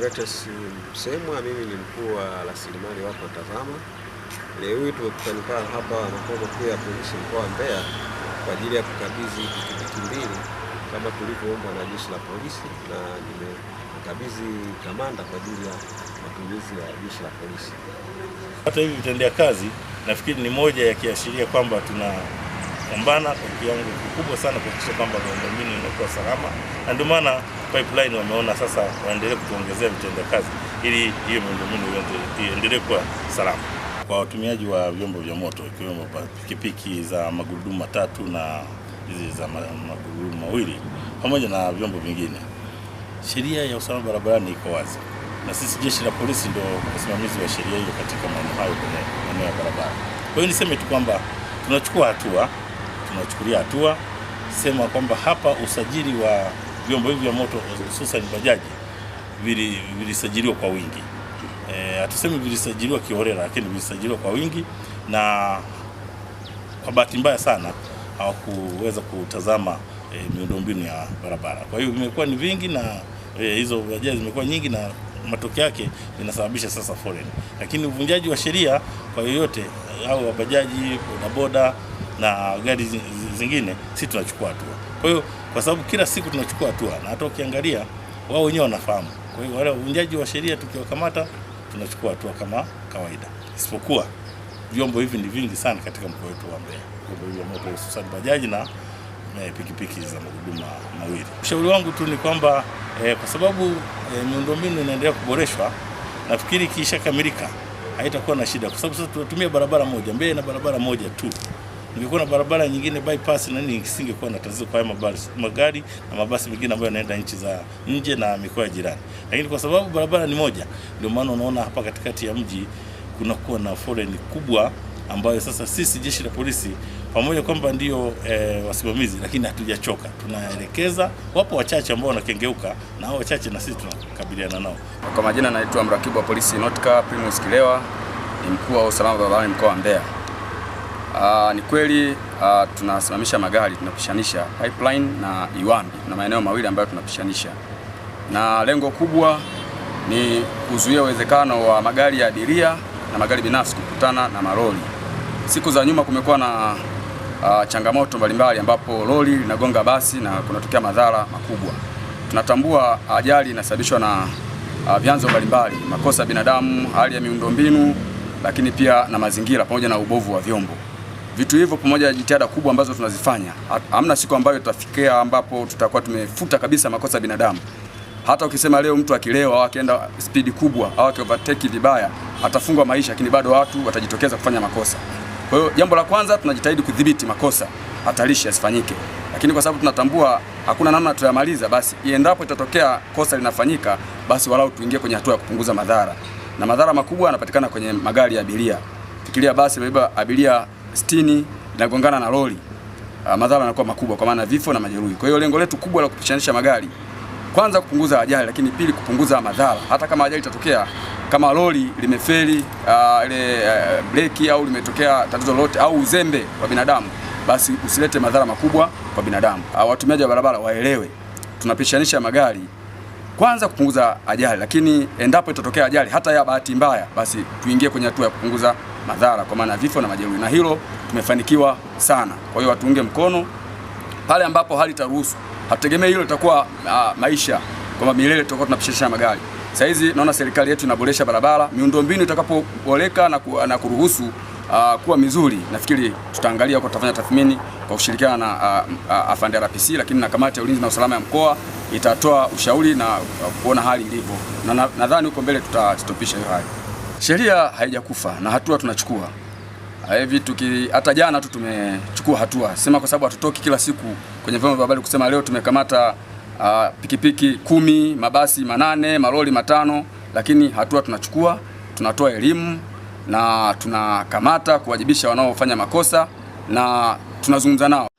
Cletus Msemwa, mimi ni mkuu wa rasilimali wako Tazama. Leo hii tumekutana hapa makao makuu ya polisi mkoa wa Mbeya kwa ajili ya kukabidhi pikipiki mbili kama tulivyoomba na jeshi la polisi, na nimekabidhi kamanda kwa ajili ya matumizi ya jeshi la polisi. Hata hivi vitendea kazi nafikiri ni moja ya kiashiria kwamba tuna kupambana kwa kiwango kikubwa sana kuhakikisha kwamba miundombinu inakuwa salama, na ndio maana pipeline wameona sasa waendelee kutuongezea vitenda kazi ili hiyo miundombinu iendelee kuwa salama kwa watumiaji wa vyombo vya moto ikiwemo pikipiki za magurudumu matatu na hizi za magurudumu mawili pamoja na vyombo vingine. Sheria ya usalama barabarani iko wazi, na sisi jeshi la polisi ndio wasimamizi wa sheria hiyo katika maeneo hayo, kwenye maeneo ya barabara. Kwa hiyo niseme tu kwamba tunachukua hatua tunachukulia hatua sema kwamba hapa usajili wa vyombo hivi vya moto hususan bajaji vilisajiliwa kwa wingi. E, hatusemi e, vilisajiliwa kiholela, lakini vilisajiliwa kwa wingi, na kwa bahati mbaya sana hawakuweza kutazama e, miundombinu ya barabara. Kwa hiyo vimekuwa ni vingi na e, hizo bajaji zimekuwa nyingi na matokeo yake inasababisha sasa foreign. lakini uvunjaji wa sheria kwa yoyote au wabajaji bodaboda na gari zingine, si tunachukua hatua. Kwa hiyo kwa sababu kila siku tunachukua hatua, na hata ukiangalia wao wenyewe wanafahamu. Kwa hiyo wale wavunjaji wa sheria tukiwakamata, tunachukua hatua kama kawaida, isipokuwa vyombo hivi ni vingi sana katika mkoa wetu wa Mbeya, vyombo hivi vya moto, hususan bajaji na eh, pikipiki za magurudumu mawili. Ushauri wangu tu ni kwamba eh, kwa sababu eh, miundombinu inaendelea kuboreshwa, nafikiri ikiishakamilika haitakuwa na shida, kwa sababu sasa tunatumia barabara moja. Mbeya ina barabara moja tu ningekuwa na barabara nyingine bypass na nini, isingekuwa na tatizo kwa mabasi, magari na mabasi mengine ambayo yanaenda nchi za nje na mikoa ya jirani, lakini kwa sababu barabara ni moja, ndio maana unaona hapa katikati ya mji kunakuwa na foleni kubwa ambayo sasa sisi jeshi la polisi pamoja kwamba ndio e, wasimamizi lakini hatujachoka, tunaelekeza. Wapo wachache ambao wanakengeuka, na hao wachache na sisi tunakabiliana nao. Kwa majina, naitwa mrakibu wa polisi Notka Primus Kilewa, ni mkuu wa usalama barabarani mkoa wa Mbeya. Aa, ah, ni kweli ah, tunasimamisha magari tunapishanisha Pipeline na Iwambi na maeneo mawili ambayo tunapishanisha, na lengo kubwa ni kuzuia uwezekano wa magari ya abiria na magari binafsi kukutana na maroli. Siku za nyuma kumekuwa na aa, ah, changamoto mbalimbali ambapo lori linagonga basi na kunatokea madhara makubwa. Tunatambua ajali inasababishwa na vyanzo mbalimbali, makosa ya binadamu, hali ya miundombinu, lakini pia na mazingira pamoja na ubovu wa vyombo. Vitu hivyo pamoja na jitihada kubwa ambazo tunazifanya, hamna siku ambayo tutafikia ambapo tutakuwa tumefuta kabisa makosa ya binadamu. Hata ukisema leo mtu akilewa au akienda spidi kubwa au akiovertake vibaya atafungwa maisha, lakini bado watu watajitokeza kufanya makosa. Kwa hiyo jambo la kwanza tunajitahidi kudhibiti makosa hatarishi asifanyike, lakini kwa sababu tunatambua hakuna namna tuyamaliza, basi iendapo itatokea kosa linafanyika, basi walau tuingie kwenye hatua ya kupunguza madhara, na madhara makubwa yanapatikana kwenye magari ya abiria. Fikiria basi imebeba abiria 60 inagongana na lori, ah, madhara yanakuwa makubwa kwa maana vifo na majeruhi. Kwa hiyo lengo letu kubwa la kupishanisha magari, kwanza kupunguza ajali, lakini pili kupunguza madhara. Hata kama ajali itatokea, kama lori limefeli ah, ile uh, uh, breki au limetokea tatizo lolote au uzembe wa binadamu, basi usilete madhara makubwa kwa binadamu. Uh, watumiaji wa barabara waelewe, tunapishanisha magari kwanza kupunguza ajali, lakini endapo itatokea ajali hata ya bahati mbaya, basi tuingie kwenye hatua ya kupunguza madhara kwa maana ya vifo na majeruhi, na hilo tumefanikiwa sana. Kwa hiyo watuunge mkono pale ambapo hali itaruhusu, hatutegemei hilo litakuwa uh, maisha kwamba milele tutakuwa tunapishisha magari. Sasa hizi naona serikali yetu inaboresha barabara, miundombinu itakapoboreka na, ku, na kuruhusu uh, kuwa mizuri, nafikiri tutaangalia kwa tutafanya tathmini kwa kushirikiana na uh, uh, afande RPC, lakini na kamati ya ulinzi na usalama ya mkoa itatoa ushauri na uh, kuona hali ilivyo, na nadhani na huko mbele tutastopisha hiyo hali. Sheria haijakufa na hatua tunachukua hivi tuki, hata jana tu tumechukua hatua, sema kwa sababu hatutoki kila siku kwenye vyombo vya habari kusema leo tumekamata uh, pikipiki kumi, mabasi manane, maloli matano, lakini hatua tunachukua, tunatoa elimu na tunakamata kuwajibisha wanaofanya makosa na tunazungumza nao.